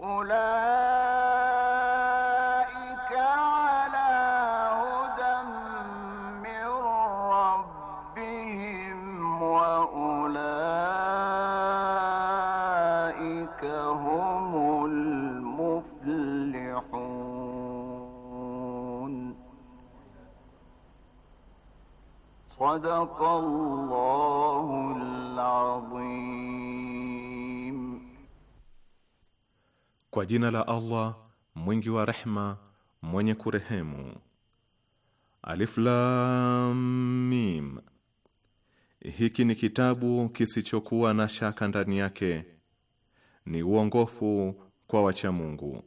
أولئك على هدى من ربهم وأولئك هم المفلحون صدق الله Kwa jina la Allah mwingi wa rehma mwenye kurehemu. Alif Lam Mim. Hiki ni kitabu kisichokuwa na shaka ndani yake, ni uongofu kwa wacha Mungu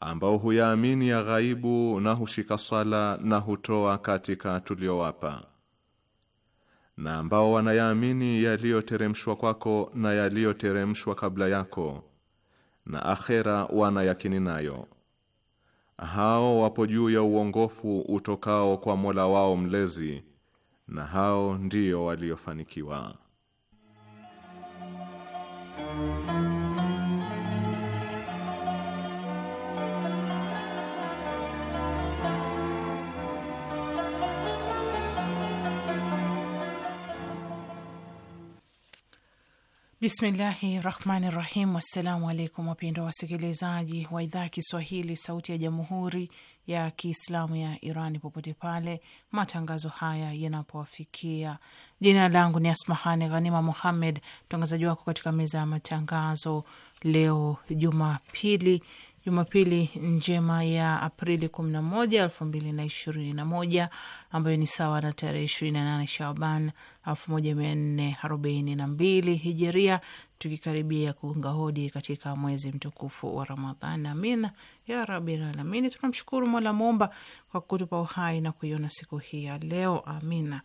ambao huyaamini ya ghaibu na hushika sala na hutoa katika tuliowapa, na ambao wanayaamini yaliyoteremshwa kwako na yaliyoteremshwa kabla yako na akhera wana yakini nayo. Hao wapo juu ya uongofu utokao kwa Mola wao mlezi na hao ndio waliofanikiwa. Bismillahi rahmani rahim. Assalamu alaikum wapendwa wasikilizaji wa idhaa ya Kiswahili sauti ya jamhuri ya Kiislamu ya Iran popote pale matangazo haya yanapowafikia. Jina langu ni Asmahani Ghanima Muhammed, mtangazaji wako katika meza ya matangazo leo Jumapili Jumapili njema ya Aprili 11, 2021 ambayo ni sawa na tarehe 28 Shaban 1442 Hijeria, tukikaribia kuunga hodi katika mwezi mtukufu wa Ramadhan. Amina ya rabbil alamin. Tunamshukuru Mola Muumba kwa kutupa uhai na kuiona siku hii ya leo. Amina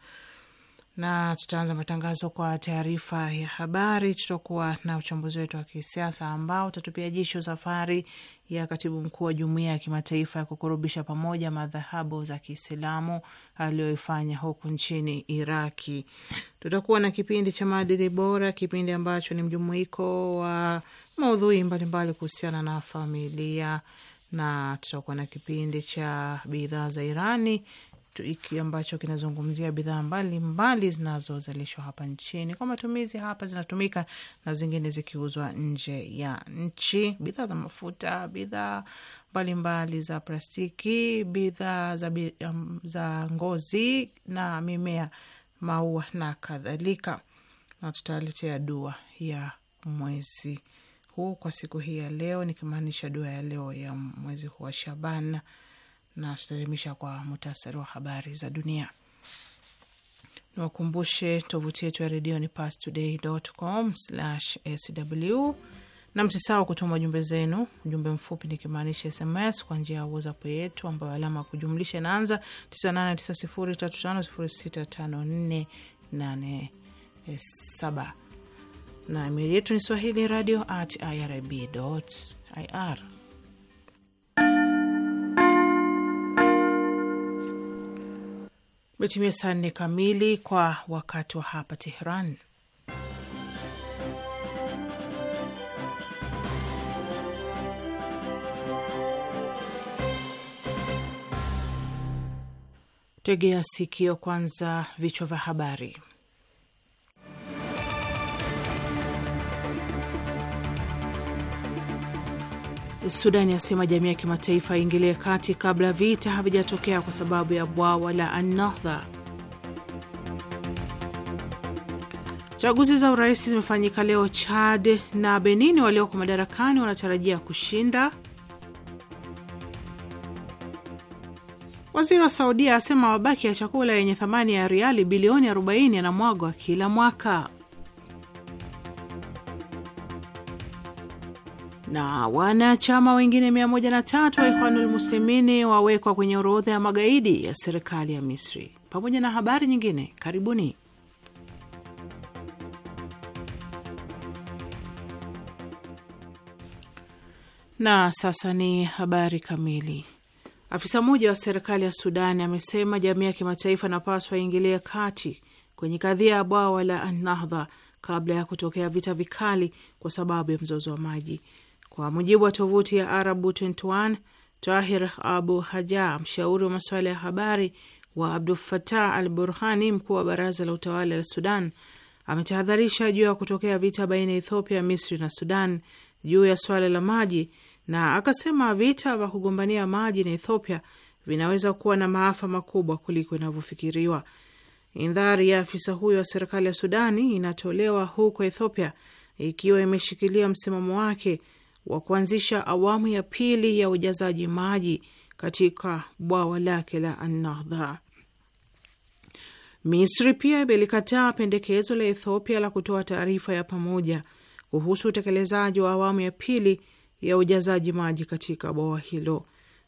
na tutaanza matangazo kwa taarifa ya habari. Tutakuwa na uchambuzi wetu wa kisiasa ambao utatupia jicho safari ya katibu mkuu wa jumuiya ya kimataifa ya kukurubisha pamoja madhahabu za Kiislamu aliyoifanya huku nchini Iraki. Tutakuwa na kipindi cha maadili bora, kipindi ambacho ni mjumuiko wa maudhui mbalimbali kuhusiana na familia, na tutakuwa na kipindi cha bidhaa za Irani hiki ambacho kinazungumzia bidhaa mbalimbali zinazozalishwa hapa nchini kwa matumizi hapa, zinatumika na zingine zikiuzwa nje ya nchi, bidhaa za mafuta, bidhaa mbalimbali za plastiki, bidhaa za, um, za ngozi na mimea, maua na kadhalika. Na tutaletea dua ya mwezi huu kwa siku hii ya leo, nikimaanisha dua ya leo ya mwezi huu wa Shabana na tutaelimisha kwa muhtasari wa habari za dunia. Niwakumbushe tovuti yetu ya redio ni pastoday.com/sw, na msisahau kutuma jumbe zenu, jumbe mfupi nikimaanisha SMS kwa njia ya WhatsApp yetu ambayo alama ya kujumlisha inaanza 989035065487 na imeli yetu ni swahili radio at irib.ir. Imetimia saa nne kamili kwa wakati wa hapa Tehran. Tegea sikio kwanza, vichwa vya habari. Sudani yasema jamii ya kimataifa iingilie kati kabla vita havijatokea kwa sababu ya bwawa la Anahdha. Chaguzi za urais zimefanyika leo Chad na Benini walioko madarakani wanatarajia kushinda. Waziri wa Saudia asema mabaki ya chakula yenye thamani ya riali bilioni 40 yanamwagwa kila mwaka. na wanachama wengine tatu wa Ikhwanul Muslimini wawekwa kwenye orodha ya magaidi ya serikali ya Misri, pamoja na habari nyingine. Karibuni. Na sasa ni habari kamili. Afisa mmoja wa serikali ya Sudani amesema jamii ya kimataifa inapaswa ingilie kati kwenye kadhia ya bwawa la Nahdha kabla ya kutokea vita vikali kwa sababu ya mzozo wa maji. Kwa mujibu wa tovuti ya Arabu 21, Tahir Abu Haja, mshauri wa masuala ya habari wa Abdul Fatah al Burhani, mkuu wa baraza la utawala la Sudan, ametahadharisha juu ya kutokea vita baina ya Ethiopia, Misri na Sudan juu ya swala la maji, na akasema vita vya kugombania maji na Ethiopia vinaweza kuwa na maafa makubwa kuliko inavyofikiriwa. Indhari ya afisa huyo wa serikali ya Sudani inatolewa huko Ethiopia ikiwa imeshikilia msimamo wake wa kuanzisha awamu ya pili ya ujazaji maji katika bwawa lake la Annahdha. Misri pia imelikataa pendekezo la Ethiopia la kutoa taarifa ya pamoja kuhusu utekelezaji wa awamu ya pili ya ujazaji maji katika bwawa hilo.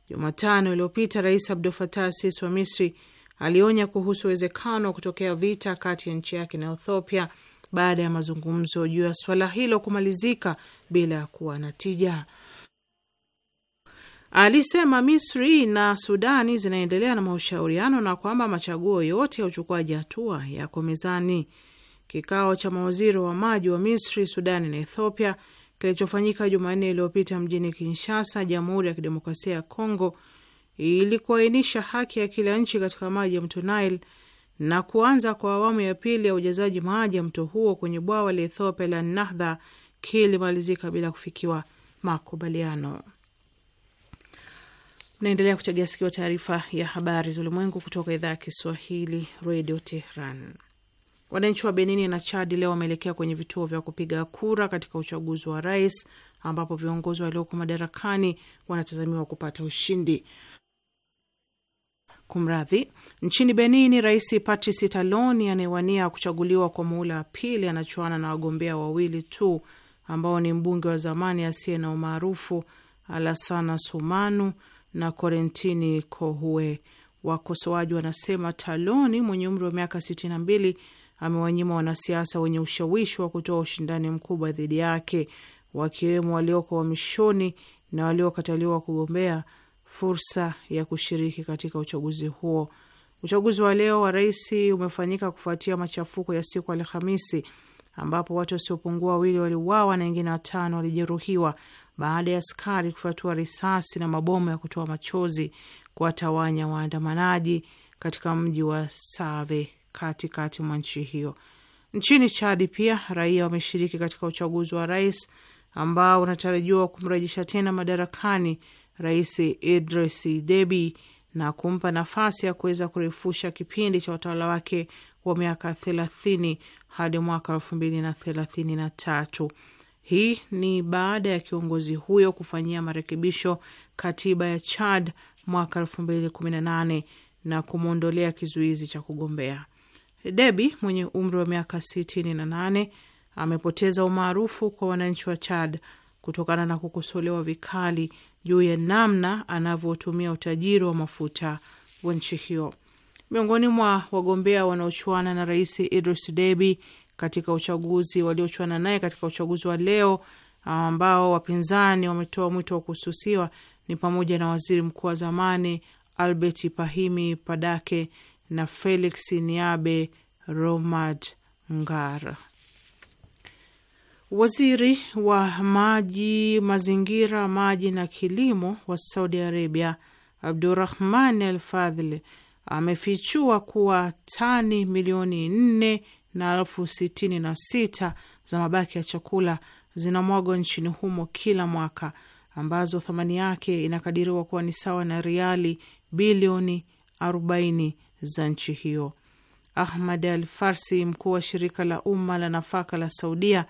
Jumatano iliyopita, Rais Abdul Fatah Sisi wa Misri alionya kuhusu uwezekano wa kutokea vita kati ya nchi yake na Ethiopia baada ya mazungumzo juu ya swala hilo kumalizika bila ya kuwa na tija. Alisema Misri na Sudani zinaendelea na mashauriano na kwamba machaguo yote ya uchukuaji hatua yako mezani. Kikao cha mawaziri wa maji wa Misri, Sudani na Ethiopia kilichofanyika Jumanne iliyopita mjini Kinshasa, Jamhuri ya Kidemokrasia ya Kongo, ili kuainisha haki ya kila nchi katika maji ya mto Nile na kuanza kwa awamu ya pili ya ujazaji maji ya mto huo kwenye bwawa la Ethiopia la Nahdha kilimalizika bila kufikiwa makubaliano. Naendelea kuchagia sikio taarifa ya habari za ulimwengu kutoka idhaa ya Kiswahili redio Tehran. Wananchi wa Benini na Chadi leo wameelekea kwenye vituo vya kupiga kura katika uchaguzi wa rais ambapo viongozi walioko madarakani wanatazamiwa kupata ushindi. Kumradhi, nchini Benini, Rais Patrice Taloni anayewania kuchaguliwa kwa muhula wa pili anachuana na wagombea wawili tu ambao ni mbunge wa zamani asiye na umaarufu Alasana Sumanu na Korentini Kohue. Wakosoaji wanasema Taloni mwenye umri wa miaka 62 amewanyima wanasiasa wenye ushawishi wa kutoa ushindani mkubwa dhidi yake, wakiwemo walioko wamishoni na waliokataliwa kugombea fursa ya kushiriki katika uchaguzi huo. Uchaguzi wa leo wa rais umefanyika kufuatia machafuko ya siku Alhamisi ambapo watu wasiopungua wawili waliuawa na wengine watano walijeruhiwa baada ya askari kufatua risasi na mabomu ya kutoa machozi kuwatawanya waandamanaji katika mji wa Save katikati mwa nchi hiyo. Nchini Chadi pia raia wameshiriki katika uchaguzi wa rais ambao unatarajiwa kumrejesha tena madarakani Rais Idris Debi na kumpa nafasi ya kuweza kurefusha kipindi cha utawala wake wa miaka thelathini hadi mwaka elfu mbili na thelathini na tatu. Hii ni baada ya kiongozi huyo kufanyia marekebisho katiba ya Chad mwaka elfu mbili kumi na nane na kumwondolea kizuizi cha kugombea. Debi mwenye umri wa miaka sitini na nane amepoteza umaarufu kwa wananchi wa Chad kutokana na kukosolewa vikali juu ya namna anavyotumia utajiri wa mafuta wa nchi hiyo. Miongoni mwa wagombea wanaochuana na Rais Idris Deby katika uchaguzi waliochuana naye katika uchaguzi wa leo ambao wapinzani wametoa mwito wa kususiwa ni pamoja na waziri mkuu wa zamani Albert Pahimi Padake na Felix Niabe Romad Ngara. Waziri wa maji, mazingira, maji na kilimo wa Saudi Arabia Abdurahman Al Fadhl amefichua kuwa tani milioni nne na elfu sitini na sita za mabaki ya chakula zinamwagwa nchini humo kila mwaka, ambazo thamani yake inakadiriwa kuwa ni sawa na riali bilioni 40 za nchi hiyo. Ahmad Al Farsi, mkuu wa shirika la umma la nafaka la Saudia,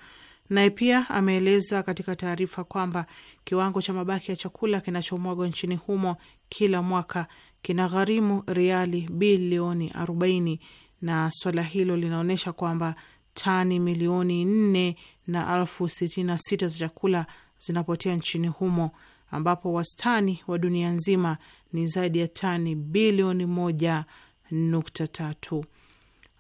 Naye pia ameeleza katika taarifa kwamba kiwango cha mabaki ya chakula kinachomwagwa nchini humo kila mwaka kina gharimu riali bilioni 40 na swala hilo linaonyesha kwamba tani milioni 4 na elfu 66 za chakula zinapotea nchini humo ambapo wastani wa dunia nzima ni zaidi ya tani bilioni 1.3.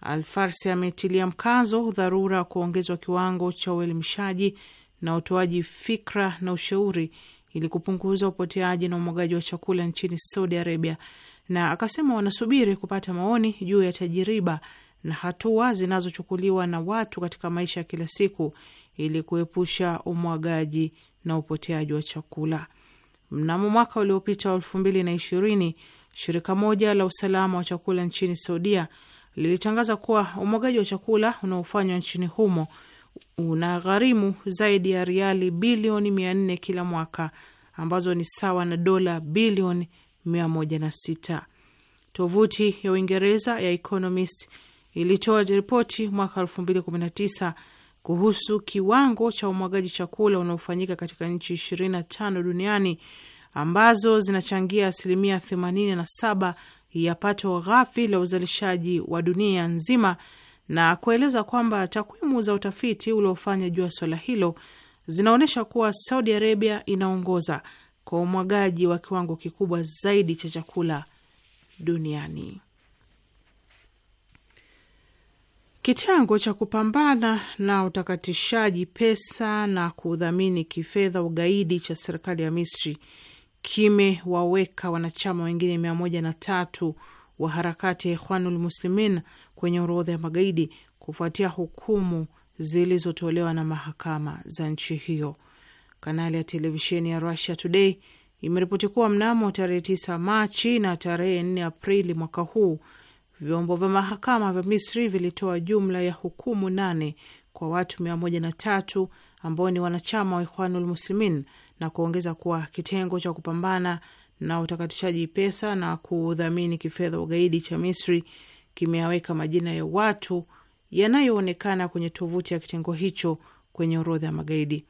Alfarsi ametilia mkazo dharura wa kuongezwa kiwango cha uelimishaji na utoaji fikra na ushauri ili kupunguza upoteaji na umwagaji wa chakula nchini Saudi Arabia, na akasema wanasubiri kupata maoni juu ya tajiriba na hatua zinazochukuliwa na watu katika maisha ya kila siku ili kuepusha umwagaji na upoteaji wa chakula. Mnamo mwaka uliopita wa elfu mbili na ishirini, shirika moja la usalama wa chakula nchini Saudia lilitangaza kuwa umwagaji wa chakula unaofanywa nchini humo una gharimu zaidi ya riali bilioni nne kila mwaka ambazo ni sawa na dola bilioni sita. Tovuti ya Uingereza ya Economist ilitoa ripoti mwaka tisa kuhusu kiwango cha umwagaji chakula unaofanyika katika nchi tano duniani ambazo zinachangia asilimia 87 ya pato ghafi la uzalishaji wa dunia nzima na kueleza kwamba takwimu za utafiti uliofanya juu ya swala hilo zinaonyesha kuwa Saudi Arabia inaongoza kwa umwagaji wa kiwango kikubwa zaidi cha chakula duniani. Kitengo cha kupambana na utakatishaji pesa na kudhamini kifedha ugaidi cha serikali ya Misri kimewaweka wanachama wengine mia moja na tatu wa harakati ya Ikhwanul Muslimin kwenye orodha ya magaidi kufuatia hukumu zilizotolewa na mahakama za nchi hiyo. Kanali ya televisheni ya Russia Today imeripoti kuwa mnamo tarehe 9 Machi na tarehe 4 Aprili mwaka huu vyombo vya mahakama vya Misri vilitoa jumla ya hukumu nane kwa watu tatu ambao ni wanachama wa Ikhwanul Muslimin na kuongeza kuwa kitengo cha kupambana na utakatishaji pesa na kudhamini kifedha ugaidi cha Misri kimeaweka majina ya watu yanayoonekana kwenye tovuti ya kitengo hicho kwenye orodha ya magaidi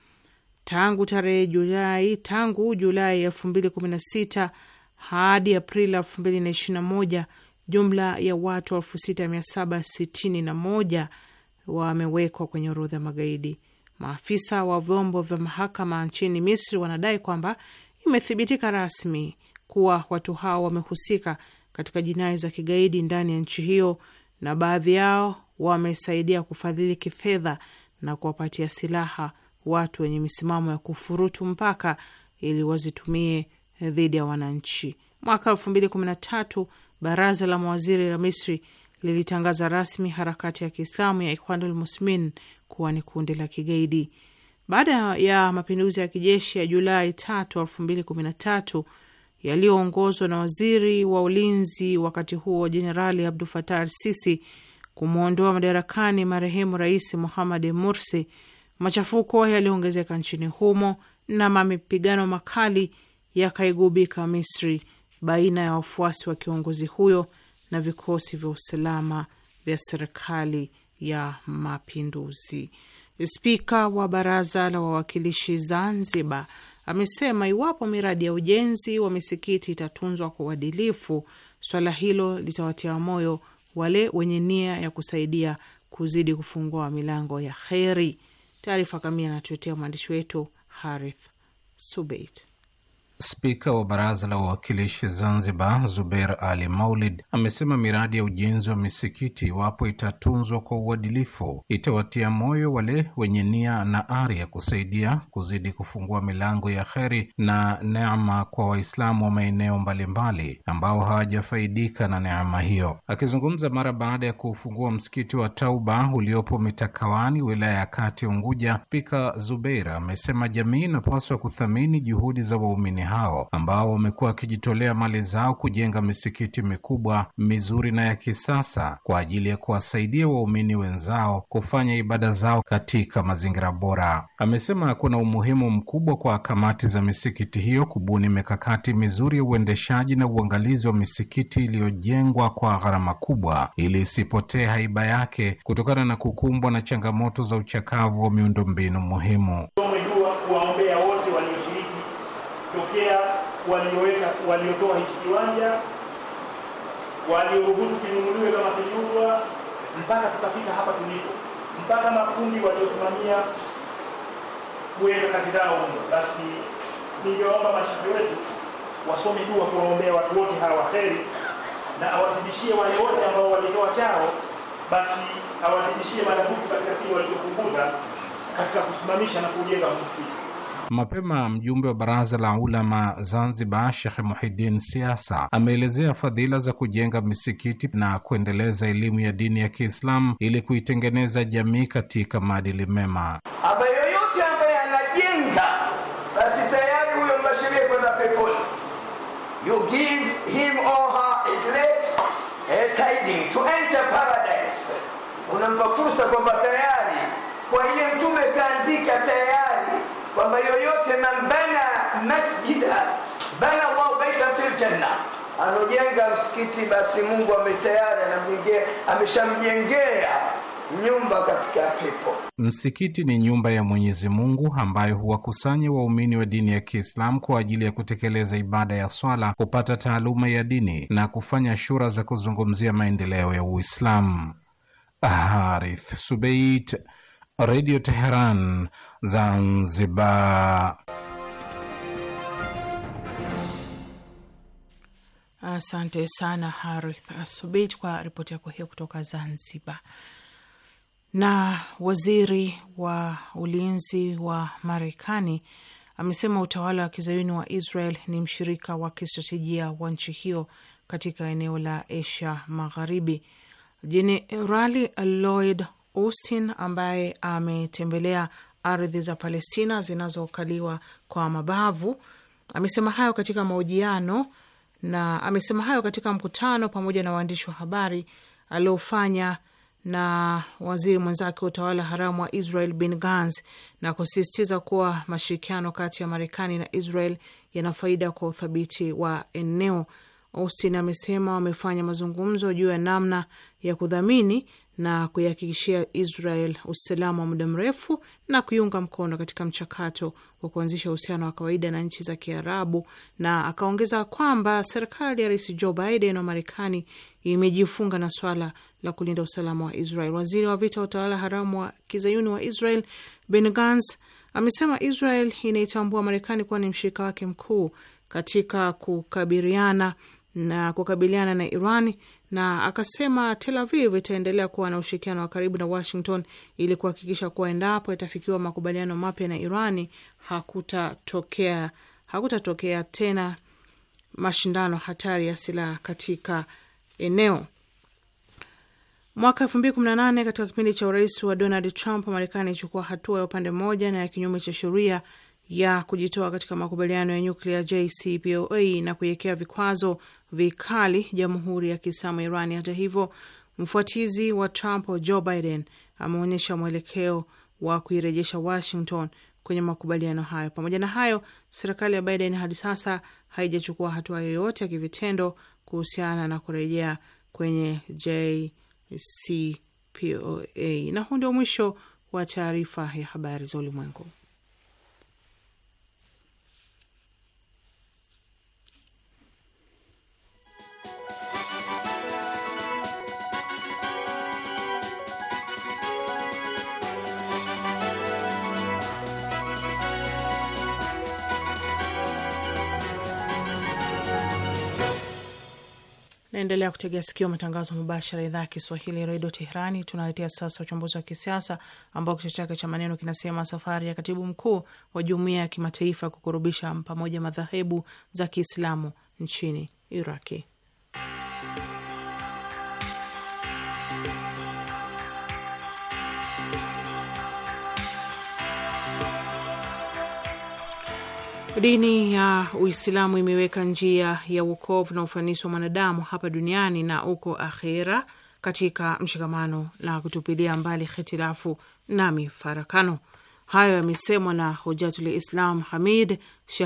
tangu tarehe Julai tangu Julai elfu mbili kumi na sita hadi Aprili elfu mbili na ishirini na moja jumla ya watu elfu sita mia saba sitini na moja wamewekwa kwenye orodha ya magaidi. Maafisa wa vyombo vya mahakama nchini Misri wanadai kwamba imethibitika rasmi kuwa watu hao wamehusika katika jinai za kigaidi ndani ya nchi hiyo, na baadhi yao wamesaidia kufadhili kifedha na kuwapatia silaha watu wenye misimamo ya kufurutu mpaka ili wazitumie dhidi ya wananchi. Mwaka elfu mbili kumi na tatu baraza la mawaziri la Misri lilitangaza rasmi harakati ya Kiislamu ya Ikhwanul Muslimin kuwa ni kundi la kigaidi. Baada ya mapinduzi ya kijeshi ya Julai tatu elfu mbili kumi na tatu yaliyoongozwa na waziri wa ulinzi wakati huo Jenerali Abdul Fatah Al Sisi kumwondoa madarakani marehemu Rais Mohamed Mursi, machafuko yaliongezeka nchini humo na mapigano makali yakaigubika Misri baina ya wafuasi wa kiongozi huyo na vikosi vya usalama vya serikali ya Mapinduzi. Spika wa Baraza la Wawakilishi Zanzibar amesema iwapo miradi ya ujenzi wa misikiti itatunzwa kwa uadilifu, swala hilo litawatia moyo wale wenye nia ya kusaidia kuzidi kufungua milango ya kheri. Taarifa kamili anatuletea mwandishi wetu Harith Subeit. Spika wa Baraza la Wawakilishi Zanzibar, Zubeir Ali Maulid, amesema miradi ya ujenzi wa misikiti, iwapo itatunzwa kwa uadilifu, itawatia moyo wale wenye nia na ari ya kusaidia kuzidi kufungua milango ya kheri na neema kwa Waislamu wa maeneo mbalimbali ambao hawajafaidika na neema hiyo. Akizungumza mara baada ya kuufungua msikiti wa Tauba uliopo Mitakawani, wilaya ya Kati Unguja, Spika Zubeir amesema jamii inapaswa kuthamini juhudi za waumini hao ambao wamekuwa wakijitolea mali zao kujenga misikiti mikubwa mizuri na ya kisasa kwa ajili ya kuwasaidia waumini wenzao kufanya ibada zao katika mazingira bora. Amesema kuna umuhimu mkubwa kwa kamati za misikiti hiyo kubuni mikakati mizuri ya uendeshaji na uangalizi wa misikiti iliyojengwa kwa gharama kubwa ili isipotee haiba yake kutokana na kukumbwa na changamoto za uchakavu wa miundombinu muhimu tokea walioweka waliotoa hichi kiwanja walioruhusu kinunuliwe kama sijuuzwa mpaka tukafika hapa tulipo mpaka mafundi waliosimamia kuweka kazi zao humo basi ningeomba mashafi wetu wasome dua kuwaombea watu wote hawa waheri na awazidishie wale wote ambao walitoa chao basi awazidishie maradufu katika kile walichopunguza katika kusimamisha na kuujenga msikiti Mapema mjumbe wa baraza la ulama Zanzibar, shekhe Muhidin Siasa ameelezea fadhila za kujenga misikiti na kuendeleza elimu ya dini ya Kiislamu ili kuitengeneza jamii katika maadili mema. Ambaye yoyote ambaye anajenga basi tayari huyo kwenda peponi. You give him or her a great to enter paradise, unampa fursa kwamba tayari kwa ile mtume kaandika tayari kwamba yoyote man bana masjida bana Allahu baitan fil janna, anojenga msikiti basi Mungu ametayari ameshamjengea nyumba katika pepo. Msikiti ni nyumba ya Mwenyezi Mungu ambayo huwakusanya waumini wa dini ya Kiislamu kwa ajili ya kutekeleza ibada ya swala, kupata taaluma ya dini na kufanya shura za kuzungumzia maendeleo ya Uislamu. Harith Radio Teheran Zanzibar. Asante sana Harith Asubit kwa ripoti yako hiyo kutoka Zanzibar. Na waziri wa ulinzi wa Marekani amesema utawala wa kizayuni wa Israel ni mshirika wa kistratejia wa nchi hiyo katika eneo la Asia Magharibi. Jenerali Lloyd Austin ambaye ametembelea ardhi za Palestina zinazokaliwa kwa mabavu amesema hayo katika mahojiano na amesema hayo katika mkutano pamoja na waandishi wa habari aliofanya na waziri mwenzake wa utawala haramu wa Israel Bin Gans na kusisitiza kuwa mashirikiano kati ya Marekani na Israel yana faida kwa uthabiti wa eneo. Austin amesema wamefanya mazungumzo juu ya namna ya kudhamini na kuihakikishia Israel usalama wa muda mrefu na kuiunga mkono katika mchakato wa kuanzisha uhusiano wa kawaida na nchi za Kiarabu, na akaongeza kwamba serikali ya Rais Joe Biden wa Marekani imejifunga na swala la kulinda usalama wa Israel. Waziri wa vita wa utawala haramu wa kizayuni wa Israel Benny amesema Israel inaitambua Marekani kuwa ni mshirika wake mkuu katika kukabiliana na kukabiliana na Iran na akasema Tel Aviv itaendelea kuwa na ushirikiano wa karibu na Washington ili kuhakikisha kuwa endapo yatafikiwa makubaliano mapya na Irani hakutatokea hakutatokea tena mashindano hatari ya silaha katika eneo. Mwaka elfu mbili kumi na nane katika kipindi cha urais wa Donald Trump, Marekani ilichukua hatua ya upande mmoja na ya kinyume cha sheria ya kujitoa katika makubaliano ya nyuklia JCPOA na kuiwekea vikwazo vikali jamhuri ya Kiislamu Irani. Hata hivyo, mfuatizi wa Trump Joe Biden ameonyesha mwelekeo wa kuirejesha Washington kwenye makubaliano hayo. Pamoja na hayo, serikali ya Biden hadi sasa haijachukua hatua yoyote ya kivitendo kuhusiana na kurejea kwenye JCPOA. Na huu ndio mwisho wa taarifa ya habari za ulimwengu. Naendelea kutegea sikio matangazo mubashara idhaa ya Kiswahili redio Teherani. Tunaletea sasa uchambuzi wa kisiasa ambao kichwa chake cha maneno kinasema safari ya katibu mkuu wa jumuiya ya kimataifa kukurubisha pamoja madhehebu za Kiislamu nchini Iraki. Dini ya Uislamu imeweka njia ya uokovu na ufanisi wa mwanadamu hapa duniani na uko akhera katika mshikamano na kutupilia mbali hitilafu na mifarakano. Hayo yamesemwa na hojatul Islam Hamid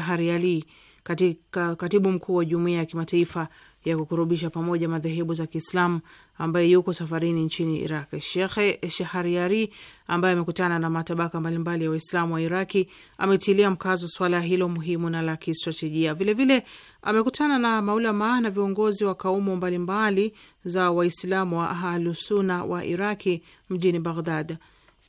Ali, katika katibu mkuu wa jumuiya ya kimataifa ya kukurubisha pamoja madhehebu za Kiislamu ambaye yuko safarini nchini Iraq. Shekhe Shahariari ambaye amekutana na matabaka mbalimbali ya Waislamu wa Iraki ametilia mkazo swala hilo muhimu na la kistratejia. Vilevile amekutana na maulamaa na viongozi wa kaumu mbalimbali za Waislamu wa Ahlusuna wa Iraki mjini Baghdad.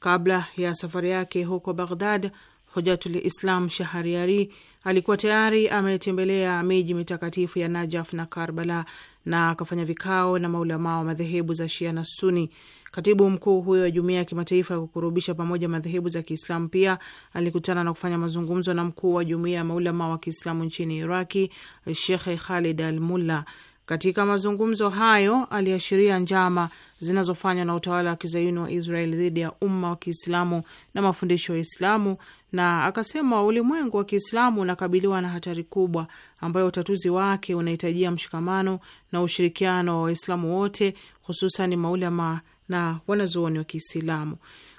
Kabla ya safari yake huko Baghdad, Hujatul Islam Shahariari alikuwa tayari ametembelea miji mitakatifu ya Najaf na Karbala na akafanya vikao na maulamaa wa madhehebu za Shia na Suni. Katibu mkuu huyo wa jumuiya ya kimataifa ya kukurubisha pamoja madhehebu za Kiislamu pia alikutana na kufanya mazungumzo na mkuu wa jumuiya ya maulamaa wa Kiislamu nchini Iraki, Shekhe Khalid al Mulla. Katika mazungumzo hayo aliashiria njama zinazofanywa na utawala wa kizayuni wa Israel dhidi ya umma wa Kiislamu na mafundisho ya Islamu, na akasema ulimwengu wa Kiislamu unakabiliwa na hatari kubwa ambayo utatuzi wake unahitajia mshikamano na ushirikiano wa Waislamu wote, hususan maulama na wanazuoni wa Kiislamu.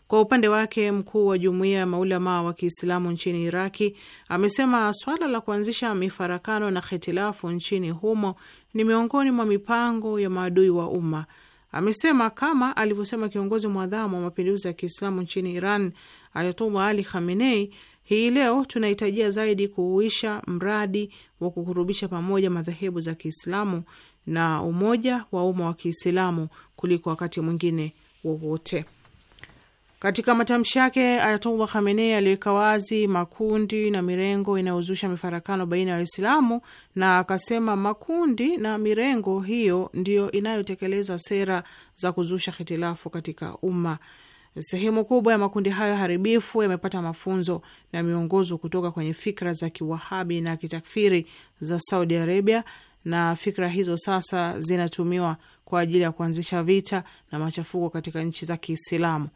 Kwa upande wake mkuu wa jumuiya ya maulama wa Kiislamu nchini Iraki amesema swala la kuanzisha mifarakano na hitilafu nchini humo ni miongoni mwa mipango ya maadui wa umma. Amesema kama alivyosema kiongozi mwadhamu wa mapinduzi ya Kiislamu nchini Iran Ayatollah Ali Khamenei, hii leo tunahitajia zaidi kuuisha mradi wa kukurubisha pamoja madhehebu za Kiislamu na umoja wa umma wa Kiislamu kuliko wakati mwingine wowote. Katika matamshi yake, Ayatollah Khamenei aliweka wazi makundi na mirengo inayozusha mifarakano baina ya Waislamu na akasema makundi na mirengo hiyo ndiyo inayotekeleza sera za kuzusha hitilafu katika umma. Sehemu kubwa ya makundi hayo haribifu yamepata mafunzo na miongozo kutoka kwenye fikra za kiwahabi na kitakfiri za Saudi Arabia, na fikra hizo sasa zinatumiwa kwa ajili ya kuanzisha vita na machafuko katika nchi za Kiislamu.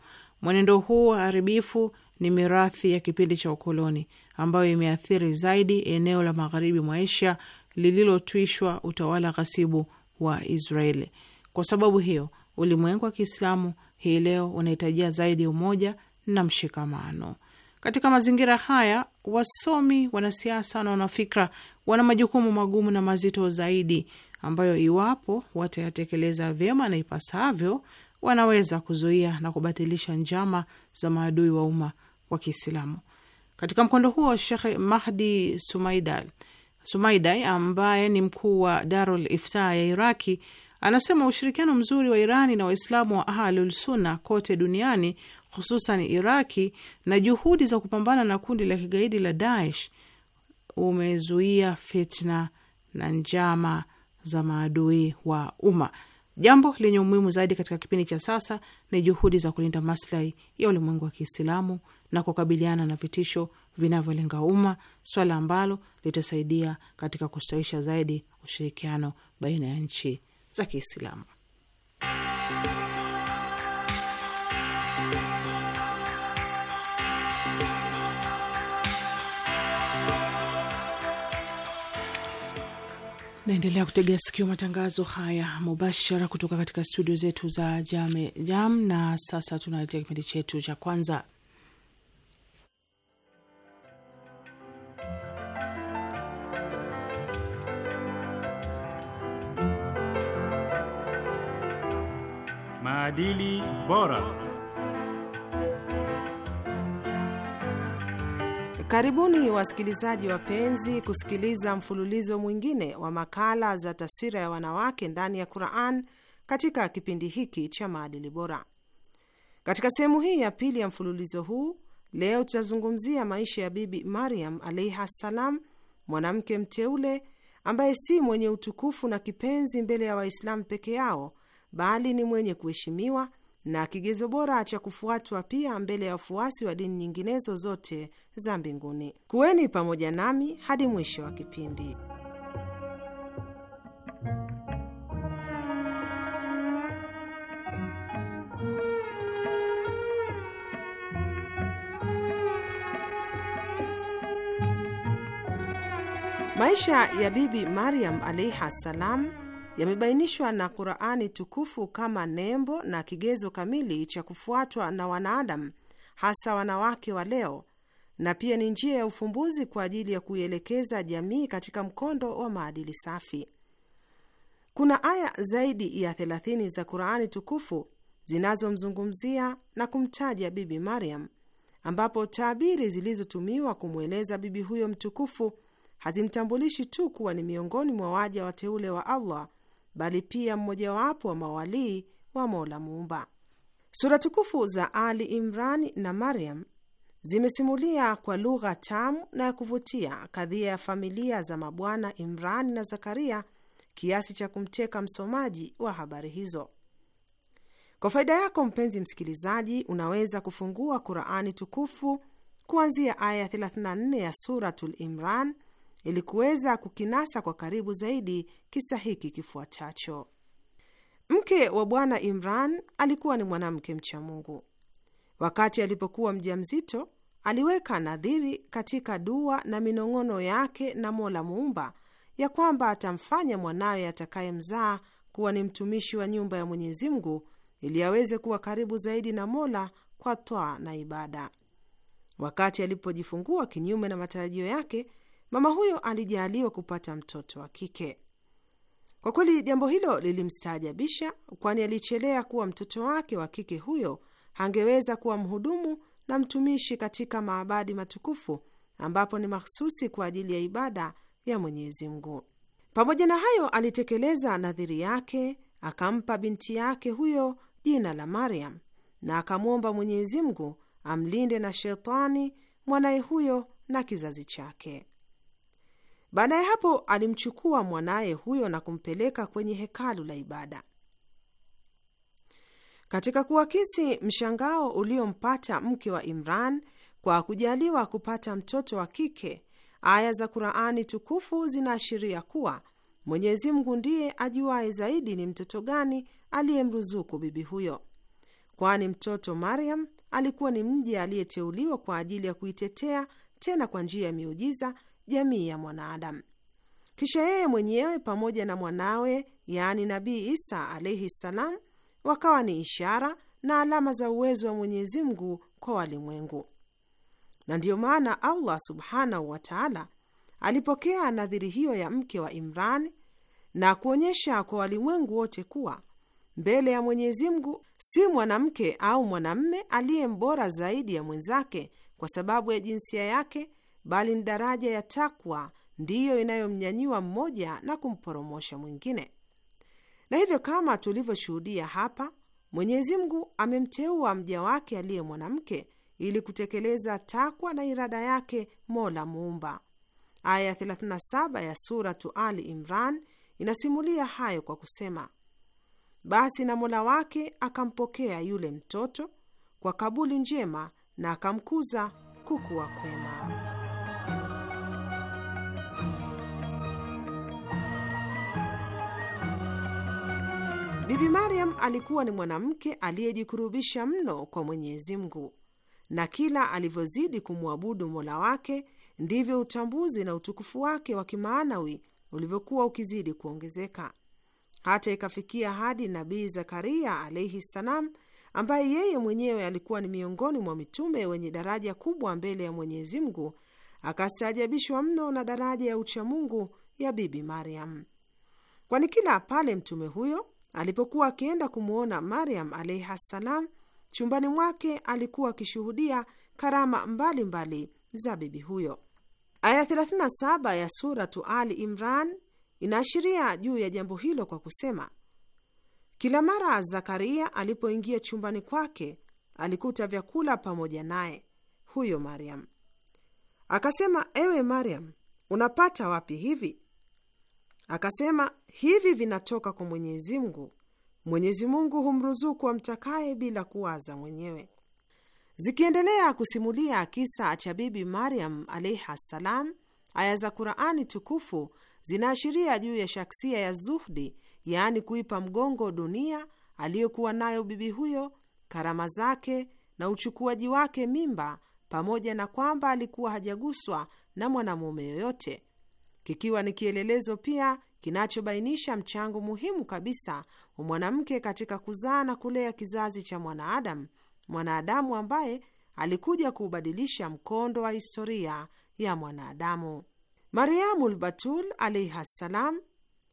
Mwenendo huu wa haribifu ni mirathi ya kipindi cha ukoloni ambayo imeathiri zaidi eneo la magharibi mwa Asia lililotwishwa utawala ghasibu wa Israeli. Kwa sababu hiyo, ulimwengu wa Kiislamu hii leo unahitajia zaidi umoja na mshikamano. Katika mazingira haya, wasomi, wanasiasa na wanafikra wana majukumu magumu na mazito zaidi, ambayo iwapo watayatekeleza vyema na ipasavyo, wanaweza kuzuia na kubatilisha njama za maadui wa umma wa Kiislamu. Katika mkondo huo, shekhe Mahdi Sumaidal Sumaidai ambaye ni mkuu wa Darul Ifta ya Iraki anasema ushirikiano mzuri wa Irani na Waislamu wa Ahlul Sunna kote duniani, hususan Iraki, na juhudi za kupambana na kundi la kigaidi la Daesh umezuia fitna na njama za maadui wa umma. Jambo lenye umuhimu zaidi katika kipindi cha sasa ni juhudi za kulinda maslahi ya ulimwengu wa Kiislamu na kukabiliana na vitisho vinavyolenga umma, swala ambalo litasaidia katika kustawisha zaidi ushirikiano baina ya nchi za Kiislamu. Naendelea kutegea sikio matangazo haya mubashara kutoka katika studio zetu za Jame Jam, na sasa tunaletea kipindi chetu cha kwanza maadili bora. Karibuni wasikilizaji wapenzi, kusikiliza mfululizo mwingine wa makala za taswira ya wanawake ndani ya Quran katika kipindi hiki cha maadili bora. Katika sehemu hii ya pili ya mfululizo huu, leo tutazungumzia maisha ya Bibi Mariam alaihi ssalam, mwanamke mteule ambaye si mwenye utukufu na kipenzi mbele ya Waislamu peke yao, bali ni mwenye kuheshimiwa na kigezo bora cha kufuatwa pia mbele ya wafuasi wa dini nyinginezo zote za mbinguni. Kuweni pamoja nami hadi mwisho wa kipindi. Maisha ya Bibi Mariam alaihi ssalam yamebainishwa na Qurani tukufu kama nembo na kigezo kamili cha kufuatwa na wanaadamu, hasa wanawake wa leo, na pia ni njia ya ufumbuzi kwa ajili ya kuielekeza jamii katika mkondo wa maadili safi. Kuna aya zaidi ya thelathini za Qurani tukufu zinazomzungumzia na kumtaja Bibi Mariam, ambapo taabiri zilizotumiwa kumweleza bibi huyo mtukufu hazimtambulishi tu kuwa ni miongoni mwa waja wateule wa Allah bali pia mmojawapo wa mawalii wa Mola Muumba. Sura tukufu za Ali Imran na Maryam zimesimulia kwa lugha tamu na ya kuvutia kadhia ya familia za mabwana Imran na Zakaria kiasi cha kumteka msomaji wa habari hizo. Kwa faida yako mpenzi msikilizaji, unaweza kufungua Qurani tukufu kuanzia aya 34 ya Suratul Imran ili kuweza kukinasa kwa karibu zaidi kisa hiki kifuatacho. Mke wa Bwana Imran alikuwa ni mwanamke mcha Mungu. Wakati alipokuwa mjamzito, aliweka nadhiri katika dua na minong'ono yake na Mola Muumba ya kwamba atamfanya mwanawe atakayemzaa kuwa ni mtumishi wa nyumba ya Mwenyezi Mungu ili aweze kuwa karibu zaidi na Mola kwa twaa na ibada. Wakati alipojifungua kinyume na matarajio yake, mama huyo alijaaliwa kupata mtoto wa kike. Kwa kweli jambo hilo lilimstaajabisha, kwani alichelea kuwa mtoto wake wa kike huyo angeweza kuwa mhudumu na mtumishi katika maabadi matukufu ambapo ni mahsusi kwa ajili ya ibada ya Mwenyezi Mungu. Pamoja na hayo, alitekeleza nadhiri yake, akampa binti yake huyo jina la Mariam na akamwomba Mwenyezi Mungu amlinde na shetani mwanaye huyo na kizazi chake. Baada ya hapo alimchukua mwanaye huyo na kumpeleka kwenye hekalu la ibada. Katika kuakisi mshangao uliompata mke wa Imran kwa kujaliwa kupata mtoto wa kike, aya za Qur'ani tukufu zinaashiria kuwa Mwenyezi Mungu ndiye ajuaye zaidi ni mtoto gani aliyemruzuku bibi huyo, kwani mtoto Maryam alikuwa ni mja aliyeteuliwa kwa ajili ya kuitetea, tena kwa njia ya miujiza jamii ya mwanadamu. Kisha yeye mwenyewe pamoja na mwanawe, yaani Nabii Isa alaihi ssalam, wakawa ni ishara na alama za uwezo wa Mwenyezi Mungu kwa walimwengu, na ndiyo maana Allah subhanahu wa taala alipokea nadhiri hiyo ya mke wa Imran na kuonyesha kwa walimwengu wote kuwa mbele ya Mwenyezi Mungu si mwanamke au mwanamme aliye mbora zaidi ya mwenzake kwa sababu ya jinsia yake bali ni daraja ya takwa ndiyo inayomnyanyua mmoja na kumporomosha mwingine. Na hivyo kama tulivyoshuhudia hapa, Mwenyezi Mungu amemteua mja wake aliye mwanamke ili kutekeleza takwa na irada yake Mola Muumba. Aya 37 ya Suratu Ali Imran inasimulia hayo kwa kusema, basi na Mola wake akampokea yule mtoto kwa kabuli njema na akamkuza kukuwa kwema. Bibi Mariam alikuwa ni mwanamke aliyejikurubisha mno kwa Mwenyezi Mungu, na kila alivyozidi kumwabudu Mola wake ndivyo utambuzi na utukufu wake wa kimaanawi ulivyokuwa ukizidi kuongezeka, hata ikafikia hadi Nabii Zakaria alaihi ssalam, ambaye yeye mwenyewe alikuwa ni miongoni mwa mitume wenye daraja kubwa mbele ya Mwenyezi Mungu, akastaajabishwa mno na daraja ya uchamungu ya Bibi Mariam, kwani kila pale mtume huyo Alipokuwa akienda kumwona mariam alaihi ssalam chumbani mwake, alikuwa akishuhudia karama mbalimbali mbali za bibi huyo. Aya 37 ya Suratu Ali Imran inaashiria juu ya jambo hilo kwa kusema, kila mara Zakaria alipoingia chumbani kwake alikuta vyakula pamoja naye huyo Mariam. Akasema, ewe Mariam, unapata wapi hivi? Akasema, Hivi vinatoka kwa Mwenyezi Mungu. Mwenyezi Mungu humruzuku amtakaye bila kuwaza mwenyewe. Zikiendelea kusimulia kisa cha Bibi mariam alaihi ssalam, aya za Qurani tukufu zinaashiria juu ya shaksia ya zuhdi, yaani kuipa mgongo dunia aliyokuwa nayo bibi huyo, karama zake na uchukuaji wake mimba, pamoja na kwamba alikuwa hajaguswa na mwanamume yoyote, kikiwa ni kielelezo pia kinachobainisha mchango muhimu kabisa wa mwanamke katika kuzaa na kulea kizazi cha mwanaadamu, mwanadamu ambaye alikuja kuubadilisha mkondo wa historia ya mwanadamu. Mariamul Batul alaihi ssalam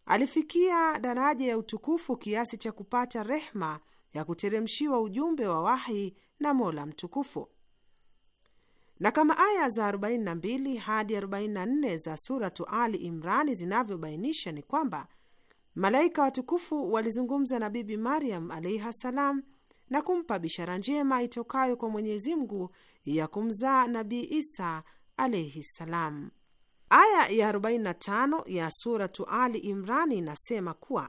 alifikia daraja ya utukufu kiasi cha kupata rehma ya kuteremshiwa ujumbe wa wahi na Mola Mtukufu na kama aya za 42 hadi 44 za Suratu Ali Imrani zinavyobainisha ni kwamba malaika watukufu walizungumza na Bibi Mariam alaihi salam na kumpa bishara njema itokayo kwa Mwenyezi Mungu ya kumzaa Nabii Isa alaihi salam. Aya ya 45 ya Suratu Ali Imrani inasema kuwa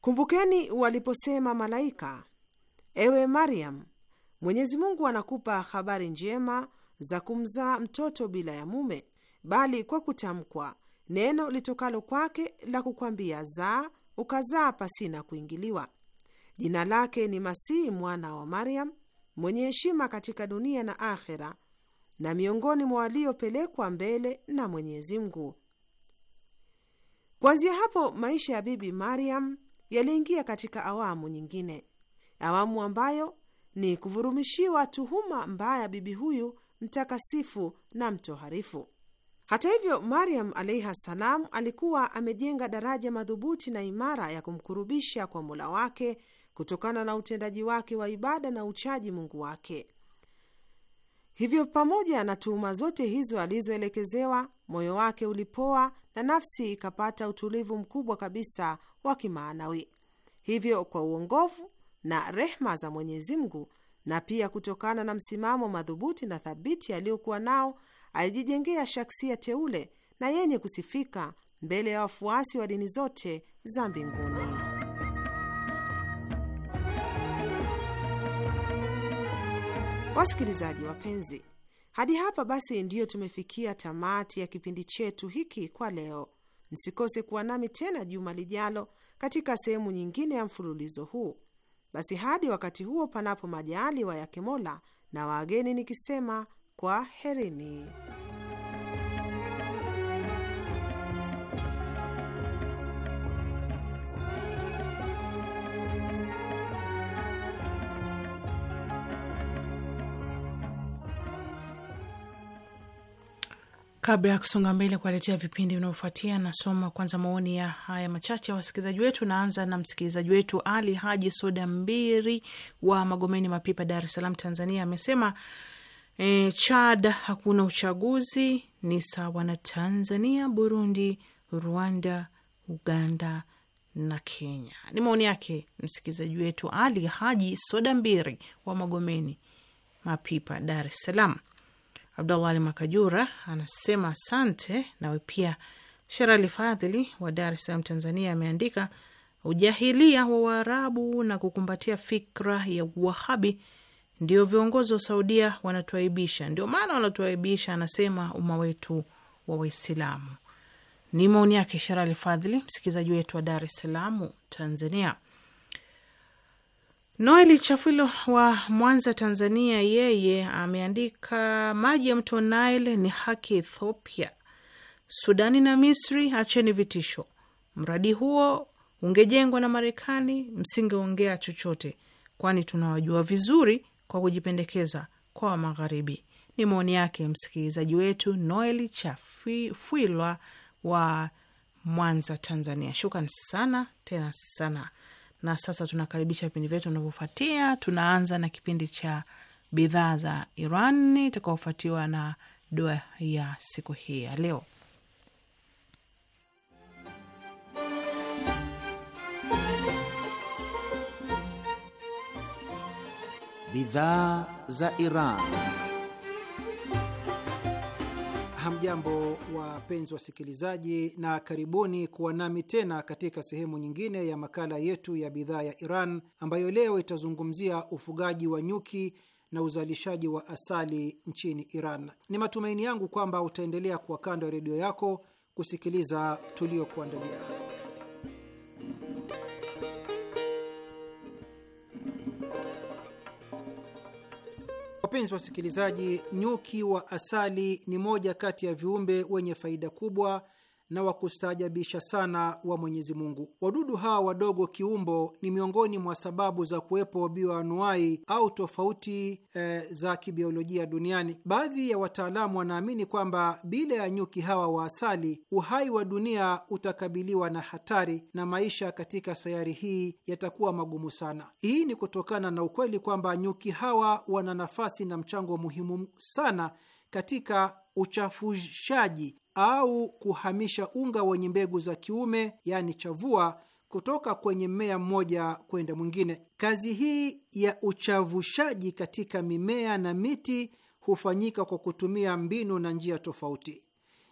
kumbukeni waliposema malaika, ewe mariam Mwenyezi Mungu anakupa habari njema za kumzaa mtoto bila ya mume, bali kwa kutamkwa neno litokalo kwake la kukwambia zaa, ukazaa pasina kuingiliwa. Jina lake ni Masihi mwana wa Maryam, mwenye heshima katika dunia na akhera, na miongoni mwa waliopelekwa mbele na Mwenyezi Mungu. Kuanzia hapo maisha ya Bibi Maryam yaliingia katika awamu nyingine, awamu ambayo ni kuvurumishiwa tuhuma mbaya bibi huyu mtakasifu na mtoharifu. Hata hivyo, Mariam alaiha salam alikuwa amejenga daraja madhubuti na imara ya kumkurubisha kwa Mola wake kutokana na utendaji wake wa ibada na uchaji Mungu wake. Hivyo, pamoja na tuhuma zote hizo alizoelekezewa, moyo wake ulipoa na nafsi ikapata utulivu mkubwa kabisa wa kimaanawi. Hivyo, kwa uongovu na rehma za Mwenyezi Mungu na pia kutokana na msimamo madhubuti na thabiti aliyokuwa nao alijijengea shaksia teule na yenye kusifika mbele ya wafuasi wa dini zote za mbinguni. Wasikilizaji wapenzi, hadi hapa basi ndiyo tumefikia tamati ya kipindi chetu hiki kwa leo. Msikose kuwa nami tena juma lijalo katika sehemu nyingine ya mfululizo huu. Basi hadi wakati huo, panapo majaliwa yake Mola, na wageni nikisema kwa herini Kabla ya kusonga mbele kuwaletea vipindi vinavyofuatia, nasoma kwanza maoni ya haya machache ya wasikilizaji wetu. Naanza na msikilizaji wetu Ali Haji Soda Mbiri wa Magomeni Mapipa, Dar es Salaam, Tanzania. Amesema e, Chad hakuna uchaguzi, ni sawa na Tanzania, Burundi, Rwanda, Uganda na Kenya. Ni maoni yake msikilizaji wetu Ali Haji Soda Mbiri wa Magomeni Mapipa, Dar es Salaam. Abdallah Ali Makajura anasema asante. Nawe pia Sherali Fadhili wa Dar es Salaam, Tanzania, ameandika ujahilia wa Waarabu na kukumbatia fikra ya Wahabi ndio viongozi wa Saudia wanatuaibisha, ndio maana wanatuaibisha, anasema umma wetu wa Waislamu. Ni maoni yake Sherali Fadhili, msikilizaji wetu wa Dar es Salaam, Tanzania. Noeli Chafulo wa Mwanza, Tanzania, yeye ameandika maji ya mto Nile ni haki Ethiopia, Sudani na Misri, acheni vitisho. Mradi huo ungejengwa na Marekani msingeongea chochote, kwani tunawajua vizuri kwa kujipendekeza kwa Magharibi. Ni maoni yake msikilizaji wetu Noeli Chafuilwa wa Mwanza, Tanzania. Shukran sana tena sana. Na sasa tunakaribisha vipindi vyetu vinavyofuatia. Tunaanza na kipindi cha bidhaa za Iran itakaofuatiwa na dua ya siku hii ya leo. Bidhaa za Iran. Hamjambo, wapenzi wasikilizaji, na karibuni kuwa nami tena katika sehemu nyingine ya makala yetu ya bidhaa ya Iran ambayo leo itazungumzia ufugaji wa nyuki na uzalishaji wa asali nchini Iran. Ni matumaini yangu kwamba utaendelea kuwa kando ya redio yako kusikiliza tuliokuandalia. Wapenzi wasikilizaji, nyuki wa asali ni moja kati ya viumbe wenye faida kubwa na wa kustaajabisha sana wa Mwenyezi Mungu. Wadudu hawa wadogo kiumbo ni miongoni mwa sababu za kuwepo bioanuai au tofauti e, za kibiolojia duniani. Baadhi ya wataalamu wanaamini kwamba bila ya nyuki hawa wa asali, uhai wa dunia utakabiliwa na hatari na maisha katika sayari hii yatakuwa magumu sana. Hii ni kutokana na ukweli kwamba nyuki hawa wana nafasi na mchango muhimu sana katika uchafushaji au kuhamisha unga wenye mbegu za kiume, yaani chavua, kutoka kwenye mmea mmoja kwenda mwingine. Kazi hii ya uchavushaji katika mimea na miti hufanyika kwa kutumia mbinu na njia tofauti.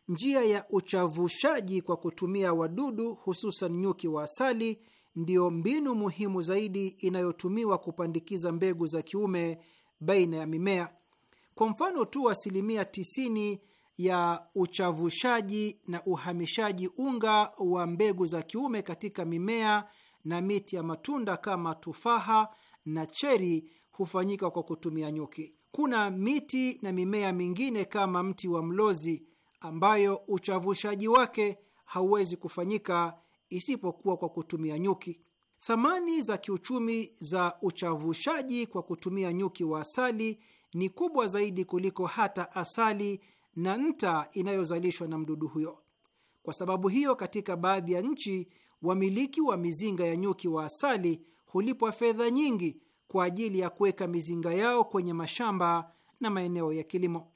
Njia ya uchavushaji kwa kutumia wadudu, hususan nyuki wa asali, ndiyo mbinu muhimu zaidi inayotumiwa kupandikiza mbegu za kiume baina ya mimea. Kwa mfano tu, asilimia 90 ya uchavushaji na uhamishaji unga wa mbegu za kiume katika mimea na miti ya matunda kama tufaha na cheri hufanyika kwa kutumia nyuki. Kuna miti na mimea mingine kama mti wa mlozi ambayo uchavushaji wake hauwezi kufanyika isipokuwa kwa kutumia nyuki. Thamani za kiuchumi za uchavushaji kwa kutumia nyuki wa asali ni kubwa zaidi kuliko hata asali na nta inayozalishwa na mdudu huyo. Kwa sababu hiyo, katika baadhi ya nchi wamiliki wa mizinga ya nyuki wa asali hulipwa fedha nyingi kwa ajili ya kuweka mizinga yao kwenye mashamba na maeneo ya kilimo.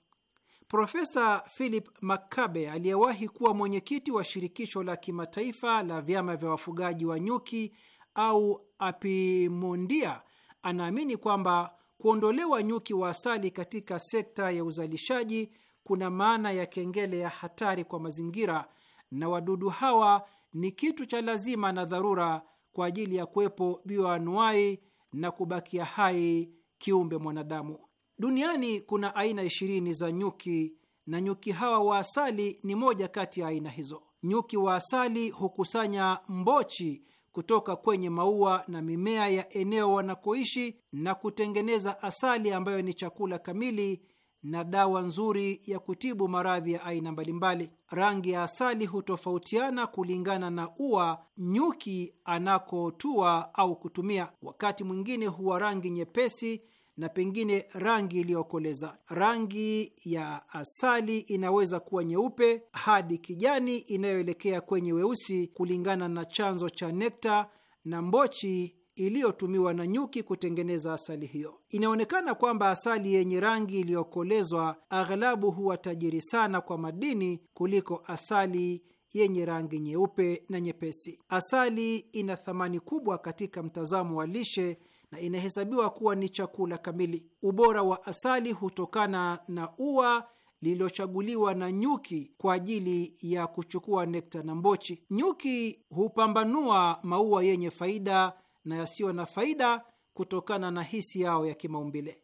Profesa Philip Makabe aliyewahi kuwa mwenyekiti wa shirikisho la kimataifa la vyama vya wafugaji wa nyuki au Apimondia anaamini kwamba kuondolewa nyuki wa asali katika sekta ya uzalishaji kuna maana ya kengele ya hatari kwa mazingira, na wadudu hawa ni kitu cha lazima na dharura kwa ajili ya kuwepo bioanuai na kubakia hai kiumbe mwanadamu. Duniani kuna aina ishirini za nyuki na nyuki hawa wa asali ni moja kati ya aina hizo. Nyuki wa asali hukusanya mbochi kutoka kwenye maua na mimea ya eneo wanakoishi na kutengeneza asali ambayo ni chakula kamili na dawa nzuri ya kutibu maradhi ya aina mbalimbali. Rangi ya asali hutofautiana kulingana na ua nyuki anakotua au kutumia. Wakati mwingine huwa rangi nyepesi na pengine rangi iliyokoleza. Rangi ya asali inaweza kuwa nyeupe hadi kijani inayoelekea kwenye weusi kulingana na chanzo cha nekta na mbochi iliyotumiwa na nyuki kutengeneza asali hiyo. Inaonekana kwamba asali yenye rangi iliyokolezwa aghalabu huwa tajiri sana kwa madini kuliko asali yenye rangi nyeupe na nyepesi. Asali ina thamani kubwa katika mtazamo wa lishe na inahesabiwa kuwa ni chakula kamili. Ubora wa asali hutokana na ua lililochaguliwa na nyuki kwa ajili ya kuchukua nekta na mbochi. Nyuki hupambanua maua yenye faida na yasiyo na faida kutokana na hisi yao ya kimaumbile.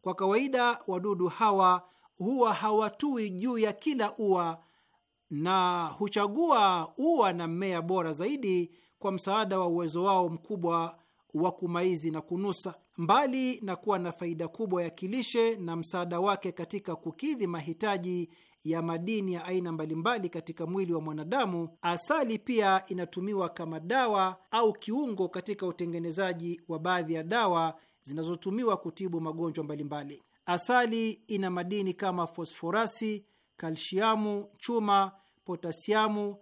Kwa kawaida wadudu hawa huwa hawatui juu ya kila ua na huchagua ua na mmea bora zaidi kwa msaada wa uwezo wao mkubwa wa kumaizi na kunusa. Mbali na kuwa na faida kubwa ya kilishe na msaada wake katika kukidhi mahitaji ya madini ya aina mbalimbali katika mwili wa mwanadamu, asali pia inatumiwa kama dawa au kiungo katika utengenezaji wa baadhi ya dawa zinazotumiwa kutibu magonjwa mbalimbali. Asali ina madini kama fosforasi, kalsiamu, chuma, potasiamu,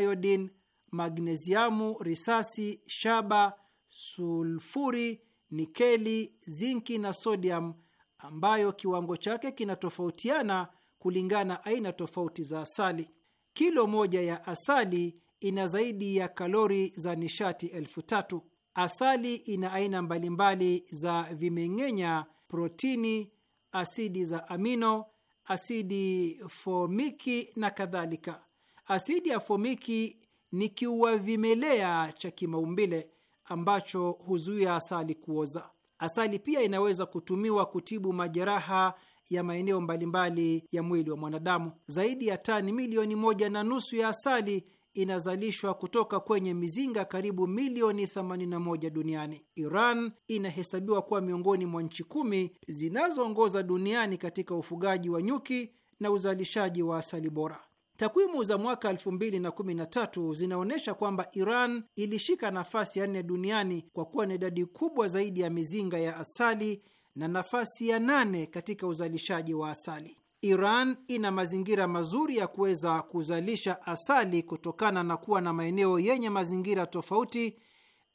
iodin, magneziamu, risasi, shaba, sulfuri, nikeli, zinki na sodium ambayo kiwango chake kinatofautiana kulingana aina tofauti za asali. Kilo moja ya asali ina zaidi ya kalori za nishati elfu tatu. Asali ina aina mbalimbali za vimeng'enya, protini, asidi za amino, asidi fomiki na kadhalika. Asidi ya fomiki ni vimelea cha kimaumbile ambacho huzuia asali kuoza. Asali pia inaweza kutumiwa kutibu majeraha ya maeneo mbalimbali ya mwili wa mwanadamu. Zaidi ya tani milioni moja na nusu ya asali inazalishwa kutoka kwenye mizinga karibu milioni 81 duniani. Iran inahesabiwa kuwa miongoni mwa nchi kumi zinazoongoza duniani katika ufugaji wa nyuki na uzalishaji wa asali bora. Takwimu za mwaka 2013 zinaonyesha kwamba Iran ilishika nafasi ya nne duniani kwa kuwa na idadi kubwa zaidi ya mizinga ya asali na nafasi ya nane katika uzalishaji wa asali. Iran ina mazingira mazuri ya kuweza kuzalisha asali kutokana na kuwa na maeneo yenye mazingira tofauti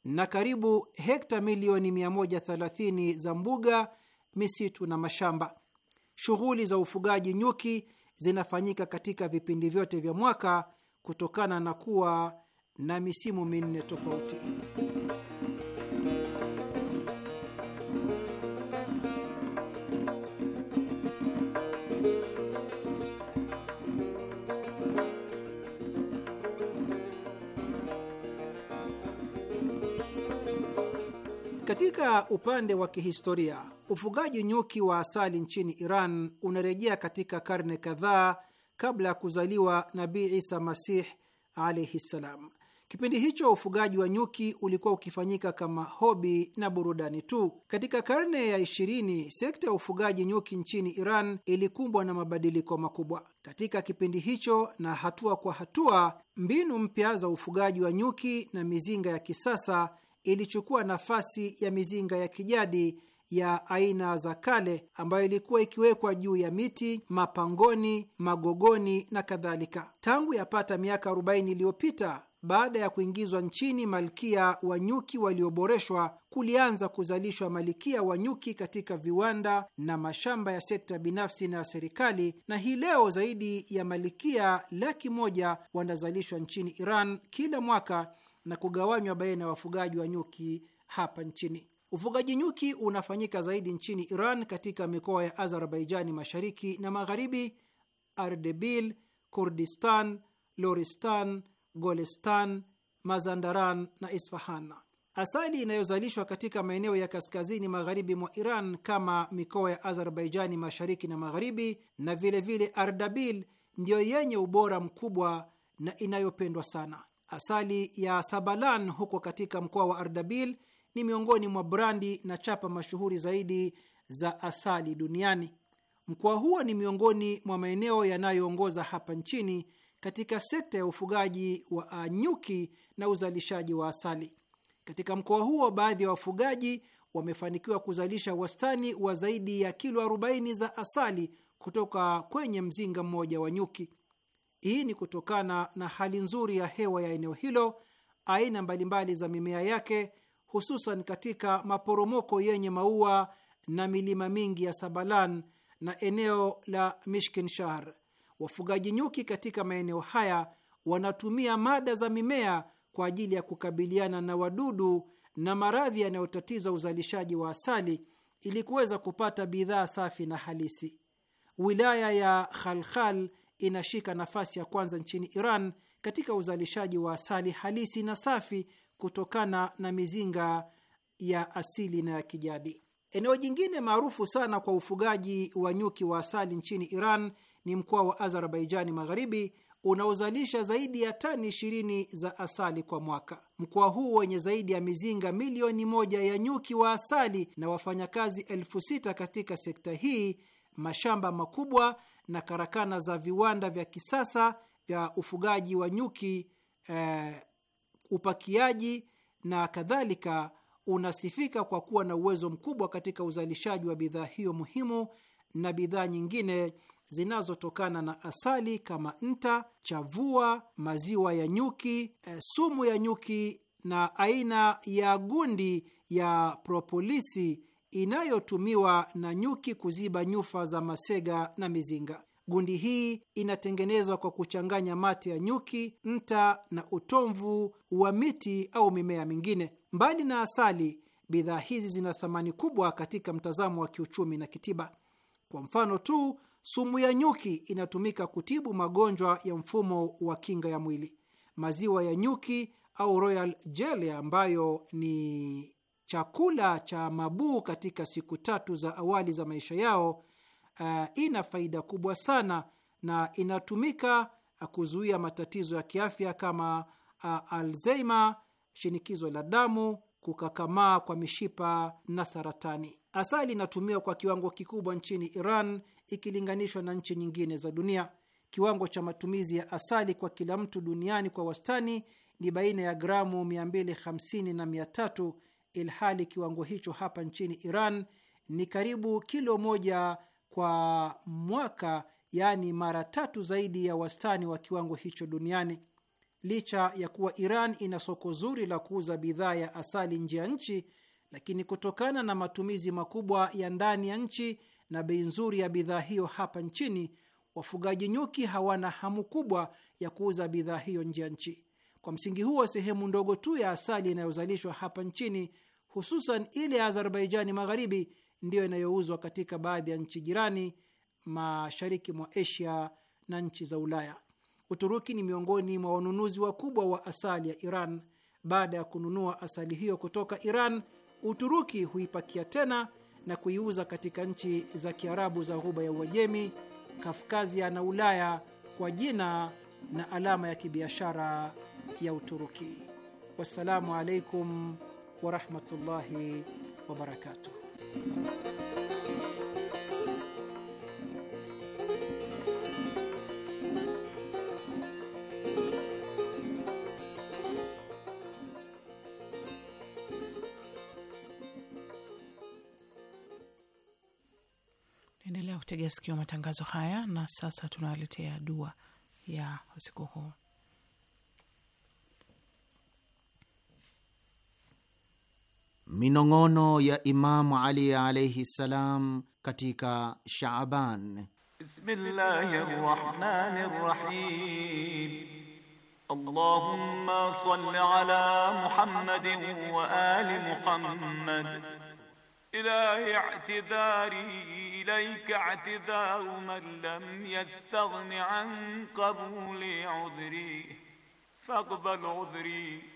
na karibu hekta milioni 130 za mbuga, misitu na mashamba. Shughuli za ufugaji nyuki zinafanyika katika vipindi vyote vya mwaka kutokana na kuwa na misimu minne tofauti. Katika upande wa kihistoria, ufugaji nyuki wa asali nchini Iran unarejea katika karne kadhaa kabla ya kuzaliwa Nabii Isa Masih alaihi ssalam. Kipindi hicho ufugaji wa nyuki ulikuwa ukifanyika kama hobi na burudani tu. Katika karne ya ishirini, sekta ya ufugaji nyuki nchini Iran ilikumbwa na mabadiliko makubwa. Katika kipindi hicho na hatua kwa hatua, mbinu mpya za ufugaji wa nyuki na mizinga ya kisasa ilichukua nafasi ya mizinga ya kijadi ya aina za kale ambayo ilikuwa ikiwekwa juu ya miti, mapangoni, magogoni na kadhalika. Tangu yapata miaka 40 iliyopita, baada ya kuingizwa nchini malkia wa nyuki walioboreshwa, kulianza kuzalishwa malkia wa nyuki katika viwanda na mashamba ya sekta binafsi na serikali, na hii leo zaidi ya malkia laki moja wanazalishwa nchini Iran kila mwaka na kugawanywa baina ya wafugaji wa nyuki hapa nchini. Ufugaji nyuki unafanyika zaidi nchini Iran, katika mikoa ya Azerbaijani mashariki na magharibi, Ardebil, Kurdistan, Loristan, Golestan, Mazandaran na Isfahan. Asali inayozalishwa katika maeneo ya kaskazini magharibi mwa Iran kama mikoa ya Azerbaijani mashariki na magharibi na vilevile vile Ardabil ndiyo yenye ubora mkubwa na inayopendwa sana. Asali ya Sabalan huko katika mkoa wa Ardabil ni miongoni mwa brandi na chapa mashuhuri zaidi za asali duniani. Mkoa huo ni miongoni mwa maeneo yanayoongoza hapa nchini katika sekta ya ufugaji wa nyuki na uzalishaji wa asali. Katika mkoa huo, baadhi ya wa wafugaji wamefanikiwa kuzalisha wastani wa zaidi ya kilo 40 za asali kutoka kwenye mzinga mmoja wa nyuki. Hii ni kutokana na hali nzuri ya hewa ya eneo hilo, aina mbalimbali za mimea yake, hususan katika maporomoko yenye maua na milima mingi ya Sabalan na eneo la Mishkin Shahr. Wafugaji nyuki katika maeneo haya wanatumia mada za mimea kwa ajili ya kukabiliana na wadudu na maradhi yanayotatiza uzalishaji wa asali ili kuweza kupata bidhaa safi na halisi. Wilaya ya Khalkhal inashika nafasi ya kwanza nchini Iran katika uzalishaji wa asali halisi na safi kutokana na mizinga ya asili na ya kijadi. Eneo jingine maarufu sana kwa ufugaji wa nyuki wa asali nchini Iran ni mkoa wa Azerbaijani Magharibi unaozalisha zaidi ya tani ishirini za asali kwa mwaka. Mkoa huu wenye zaidi ya mizinga milioni moja ya nyuki wa asali na wafanyakazi elfu sita katika sekta hii, mashamba makubwa na karakana za viwanda vya kisasa vya ufugaji wa nyuki, eh, upakiaji na kadhalika, unasifika kwa kuwa na uwezo mkubwa katika uzalishaji wa bidhaa hiyo muhimu na bidhaa nyingine zinazotokana na asali kama nta, chavua, maziwa ya nyuki, eh, sumu ya nyuki na aina ya gundi ya propolisi inayotumiwa na nyuki kuziba nyufa za masega na mizinga. Gundi hii inatengenezwa kwa kuchanganya mate ya nyuki, nta na utomvu wa miti au mimea mingine. Mbali na asali, bidhaa hizi zina thamani kubwa katika mtazamo wa kiuchumi na kitiba. Kwa mfano tu, sumu ya nyuki inatumika kutibu magonjwa ya mfumo wa kinga ya mwili. Maziwa ya nyuki au royal jelly ambayo ni chakula cha mabuu katika siku tatu za awali za maisha yao uh, ina faida kubwa sana na inatumika kuzuia matatizo ya kiafya kama uh, Alzheimer, shinikizo la damu, kukakamaa kwa mishipa na saratani. Asali inatumiwa kwa kiwango kikubwa nchini Iran ikilinganishwa na nchi nyingine za dunia. Kiwango cha matumizi ya asali kwa kila mtu duniani kwa wastani ni baina ya gramu 250 na 300 ilhali kiwango hicho hapa nchini Iran ni karibu kilo moja kwa mwaka, yaani mara tatu zaidi ya wastani wa kiwango hicho duniani. Licha ya kuwa Iran ina soko zuri la kuuza bidhaa ya asali nje ya nchi, lakini kutokana na matumizi makubwa ya ndani ya nchi na bei nzuri ya bidhaa hiyo hapa nchini, wafugaji nyuki hawana hamu kubwa ya kuuza bidhaa hiyo nje ya nchi. Kwa msingi huo, sehemu ndogo tu ya asali inayozalishwa hapa nchini, hususan ile ya Azerbaijani Magharibi, ndiyo inayouzwa katika baadhi ya nchi jirani mashariki mwa Asia na nchi za Ulaya. Uturuki ni miongoni mwa wanunuzi wakubwa wa asali ya Iran. Baada ya kununua asali hiyo kutoka Iran, Uturuki huipakia tena na kuiuza katika nchi za Kiarabu za Ghuba ya Uajemi, Kafkazia na Ulaya kwa jina na alama ya kibiashara ya Uturuki. Wassalamu alaikum warahmatullahi wabarakatuh. Endelea kutegea sikio matangazo haya, na sasa tunawaletea dua ya usiku huu. minong'ono ya Imamu Ali alaihi ssalam katika Shaaban. Bismillahi rahmani rahim. Allahumma salli ala Muhammad wa ali Muhammad. Ilahi i'tidari ilayka i'tidaru man lam yastaghni an qabuli udhri faqbal udhri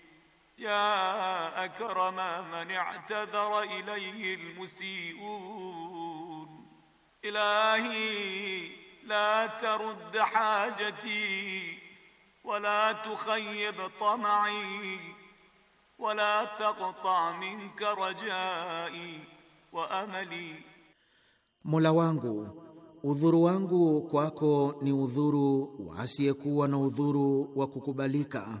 ya akrama man i'tadhara ilayhi almusii'un ilahi la tarudd hajati wala tukhayyib tam'i wala taqta' minka rajai wa amali, Mola wangu udhuru wangu kwako ni udhuru wasiyekuwa na udhuru wa kukubalika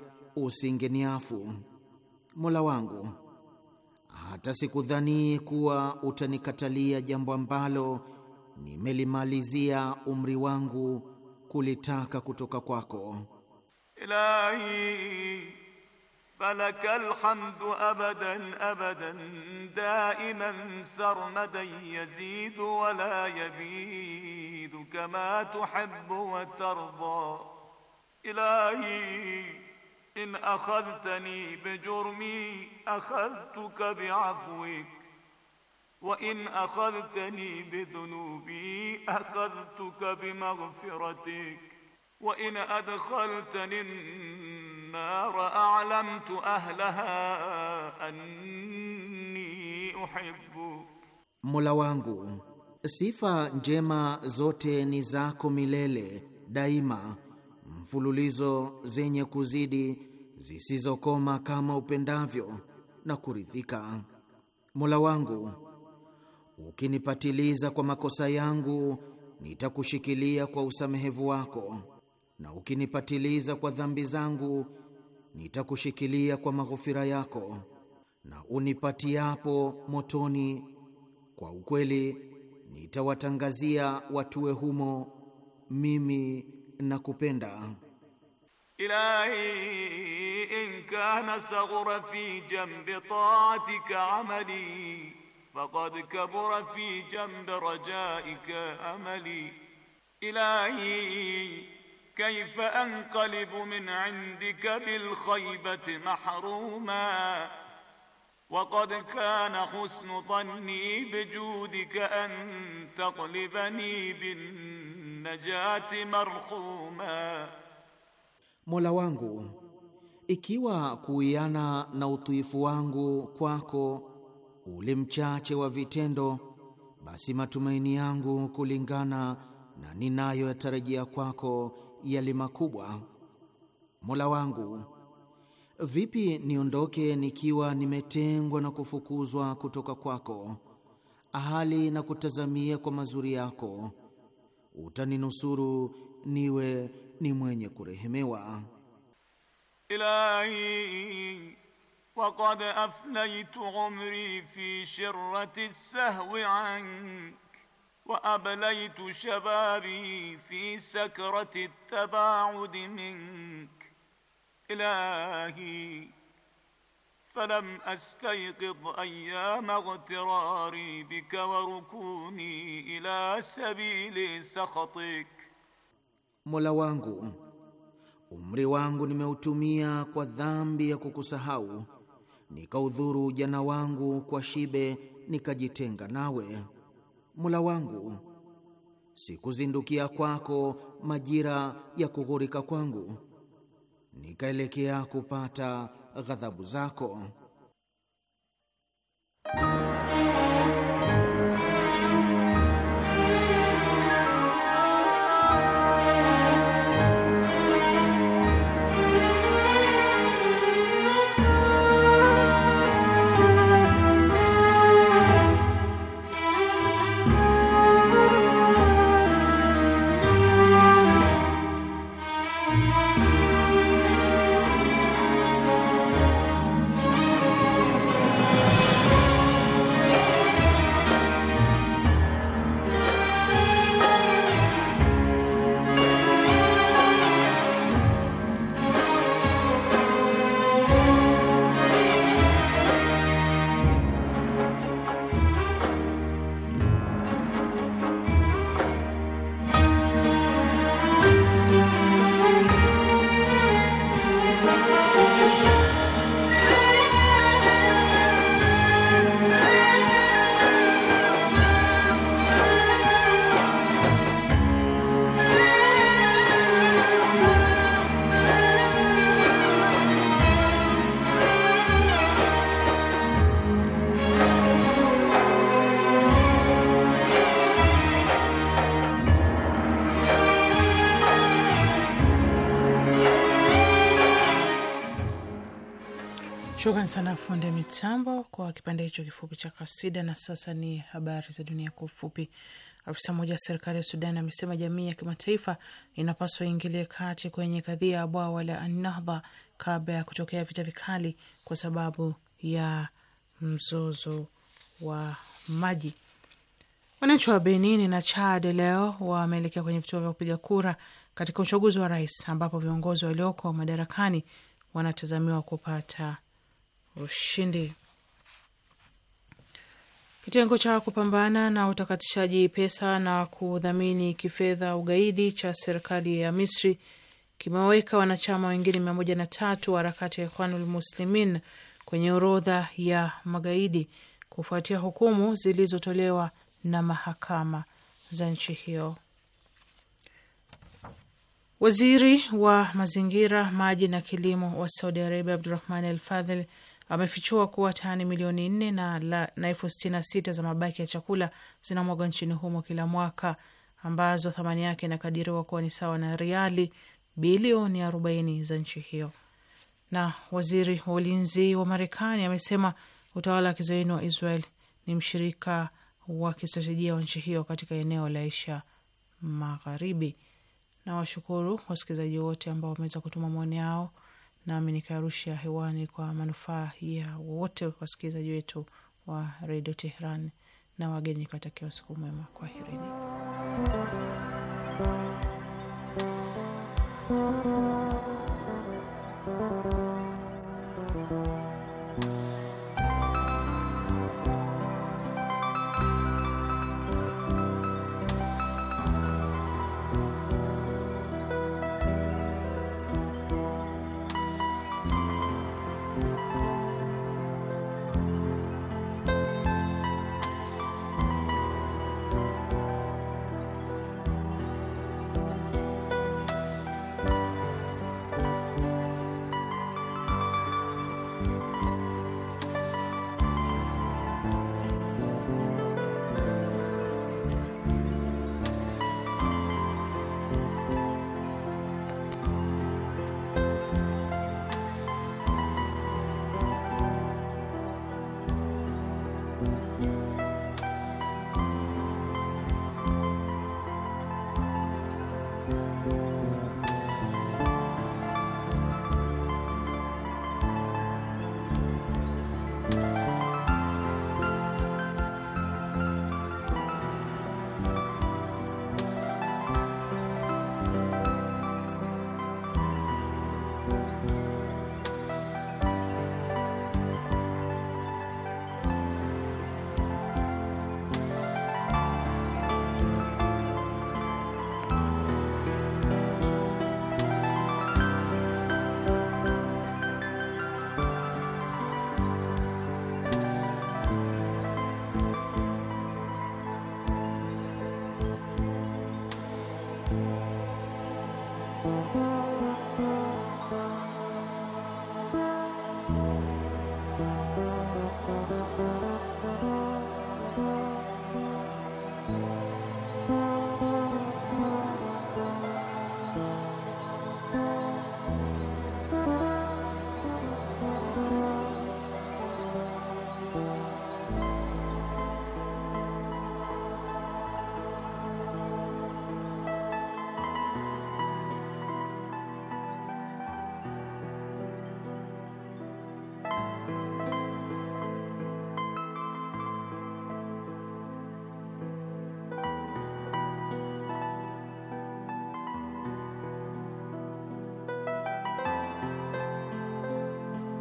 usingeniafu. Mola wangu, hata sikudhani kuwa utanikatalia jambo ambalo nimelimalizia umri wangu kulitaka kutoka kwako. Ilahi falakal hamdu abadan abadan daiman sarmadan yazidu wala yabidu kama tuhibbu wa tarda ilahi إن أخذتني بجرمي أخذتك بعفوك وإن أخذتني بذنوبي أخذتك بمغفرتك وإن أدخلتني النار أعلمت أهلها أني أحبك ملوانغو سيفا جيما زوتي نزاكو ميليلي دايما mfululizo zenye kuzidi zisizokoma kama upendavyo na kuridhika. Mola wangu, ukinipatiliza kwa makosa yangu nitakushikilia kwa usamehevu wako, na ukinipatiliza kwa dhambi zangu nitakushikilia kwa maghofira yako, na unipatiapo motoni kwa ukweli nitawatangazia watue humo mimi nakupenda. Ilahi in kana saghura fi jambi taatika amali faqad kabura fi jambi rajaika amali Ilahi كيف أنقلب من عندك بالخيبة محروما وقد كان حسن ظني بجودك أن تقلبني بالنار najati marhuma, Mola wangu, ikiwa kuiana na utuifu wangu kwako ule mchache wa vitendo, basi matumaini yangu kulingana na ninayoyatarajia kwako yali makubwa. Mola wangu, vipi niondoke nikiwa nimetengwa na kufukuzwa kutoka kwako, ahali na kutazamia kwa mazuri yako utaninusuru niwe ni mwenye kurehemewa. Ilahi waqad aflaytu umri fi shirrati sahwi ank wa ablaytu shababi fi sakrati tabaudi mink ilahi falam astayqid ayyama ightirari bika wa rukuni ila sabili sakhatik, wangu umri wangu nimeutumia kwa dhambi ya kukusahau, nikaudhuru ujana wangu kwa shibe, nikajitenga nawe. Mola wangu sikuzindukia kwako majira ya kughurika kwangu, nikaelekea kupata ghadhabu zako. Shukran sana fundi mitambo kwa kipande hicho kifupi cha kasida. Na sasa ni habari za dunia kwa ufupi. Afisa mmoja wa serikali ya Sudan amesema jamii ya kimataifa inapaswa iingilie kati kwenye kadhia ya bwawa la Anahdha kabla ya kutokea vita vikali kwa sababu ya mzozo wa maji. Wananchi wa Benin na Chad leo wameelekea kwenye vituo vya kupiga kura katika uchaguzi wa rais, ambapo viongozi walioko madarakani wanatazamiwa kupata ushindi. Kitengo cha kupambana na utakatishaji pesa na kudhamini kifedha ugaidi cha serikali ya Misri kimeweka wanachama wengine mia moja na tatu wa harakati ya Ikhwanul Muslimin kwenye orodha ya magaidi kufuatia hukumu zilizotolewa na mahakama za nchi hiyo. Waziri wa mazingira, maji na kilimo wa Saudi Arabia Abdurahman Al amefichua kuwa tani milioni nne na elfu sitini na sita za mabaki ya chakula zinamwagwa nchini humo kila mwaka, ambazo thamani yake inakadiriwa kuwa ni sawa na riali bilioni arobaini za nchi hiyo. Na waziri wa ulinzi wa Marekani amesema utawala wa kizaini wa Israel ni mshirika wa kistratejia wa nchi hiyo katika eneo la Asia Magharibi. Nawashukuru wasikilizaji wote ambao wameweza kutuma maoni yao nami nikaarusha hewani kwa manufaa ya wote wasikilizaji wetu wa redio Tehran na wageni, nikiwatakia usiku mwema, kwaherini.